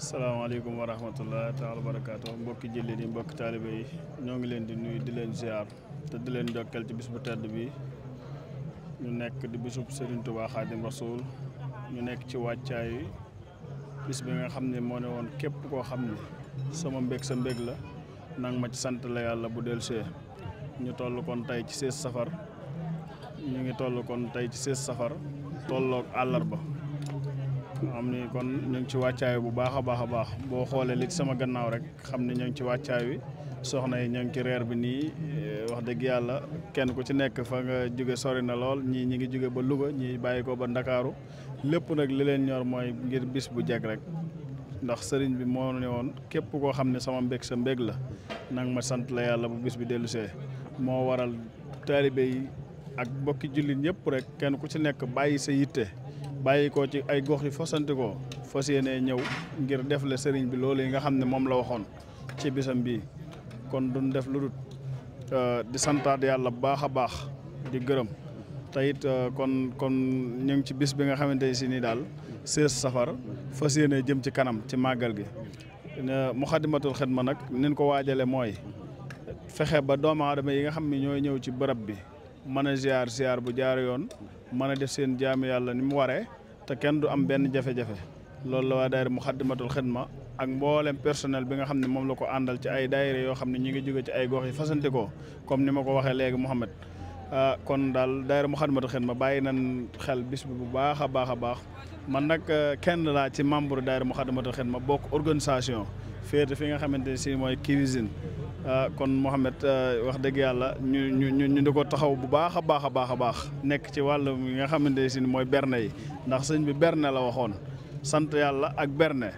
salaamaaleykum wa rahmatullah taala barakaatu mbokki jullit yi mbokki taalibe ñoo ngi leen di nuyu di leen ziar te di leen jokkal ci bis bu tedd bi ñu nekk di bisub Serigne Touba Khadim Rasoul ñu nekk ci wàccaay bis bi nga xam ne moo ne woon képp koo xam ne sama mbég sa mbég la nang ma ci sant la yàlla bu see ñu toll kon tey ci sées safar ñu ngi toll kon tey ci sées safar tolloog àllarba nga xam ni kon ñu ngi ci wàccaay bu baax a baax a baax boo xoolee li sama gannaaw rek xam ni ñu ngi ci wàccaay wi soxna yi ñu ngi ci reer bi nii eh, wax dëgg yàlla kenn ku ci nekk fa nga jóge sori na lool ñii ñi ngi jóge ba Louga ñii bàyyi ko ba Ndakaaru lépp nag li leen ñor mooy ngir bis bu jeg rek ndax sëriñ bi moo ne woon képp koo xam ne sama mbég sa mbég la nang ma sant la yàlla bu bis bi dellusee moo waral taalibe yi ak bokki jullit ñëpp rek kenn ku ci nekk bàyyi sa yitte bàyyi ko ci ay gox yu fasante ko fas yéenee ñëw ngir def la sëriñ bi loolu yi nga xam ne moom la waxoon ci bisam bi kon duñ def lu dul euh, di santaat yàlla baax a baax di gërëm te it euh, kon kon ñu ngi ci bis bi nga xamante ne si nii daal sées safar fas yéenee jëm ci kanam ci màggal gi mu Muxaddamatul ma nag nin ko waajale mooy fexe ba doomu aadama yi nga xam ne ñooy ñëw ci bërëb bi mën a ziar ziar bu jaar yoon mën a def seen jaamu yàlla ni mu waree te kenn du am benn jafe-jafe loolu la waa daayira Muxaddamatul Xidma ak mboolem personnel bi nga xam ne moom la ko àndal ci ay daayira yoo xam ne ñi ngi jóge ci ay gox yi fasantikoo comme ni ma ko waxee léegi Mouhamed ah, kon daal daayira Muxaddamatul Xidma bàyyi nan xel bis bu baax a baax a baax man nag ah, kenn laa ci membre daayira Muxaddamatul Xidma bokk organisation féete fi nga xamante ne si mooy cuisine Euh, kon Mouhamed euh, wax dëgg yàlla ñu ñu ñu ñu di ko taxaw bu baax a baax a baax a baax nekk ci wàllum yi nga xamante ne mooy berne yi ndax sëñ bi berne la waxoon sant yàlla ak berne.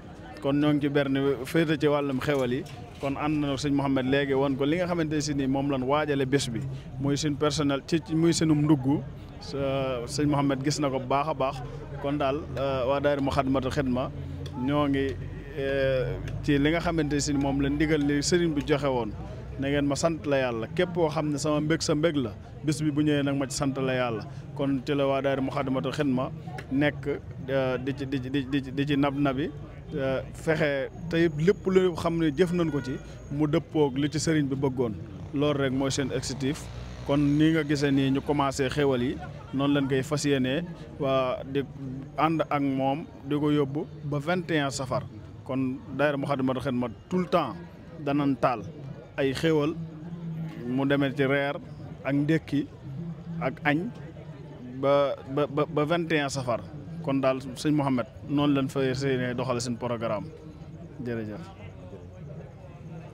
kon ñoo ngi ci berne féete ci wàllum xewal yi kon ànd na sëñ Mouhamed léegi wan ko li nga xamante ne ni moom lañ waajale bés bi muy suñ personnel ci muy sunum ndugg sëñ Mouhamed gis na ko bu baax a baax kon daal euh, waa daayira Moukhaddamatoul Khidma ñoo ngi. ci li nga xamante si moom la ndigal li sëriñ bi joxe woon na ngeen ma sant la yàlla képp koo xam ne sama mbég sa mbég la bis bi bu ñëwee nag ma ci sant la yàlla kon ci la waa daayira Moukhaddamatoul Khidma nekk euh, di ci di ci di ci nab nabi euh, fexe tey lépp lu xam ne jëf nañ ko ci mu dëppoog li ci sëriñ bi bëggoon loolu rek mooy seen excitif kon nii nga gisee nii ñu commencé xewal yi noonu lañ koy fas yéenee waa di ànd ak moom di ko yóbbu ba 21 safar. kon daayira Moukhaddamatoul Khidma tout le temps danan taal ay xéwal mu demee ci reer ak ndékki ak añ ba ba ba vingt et un safar kon daal sëñ Mouhamed noonu lañ fa yéene doxale seen programme jërëjëf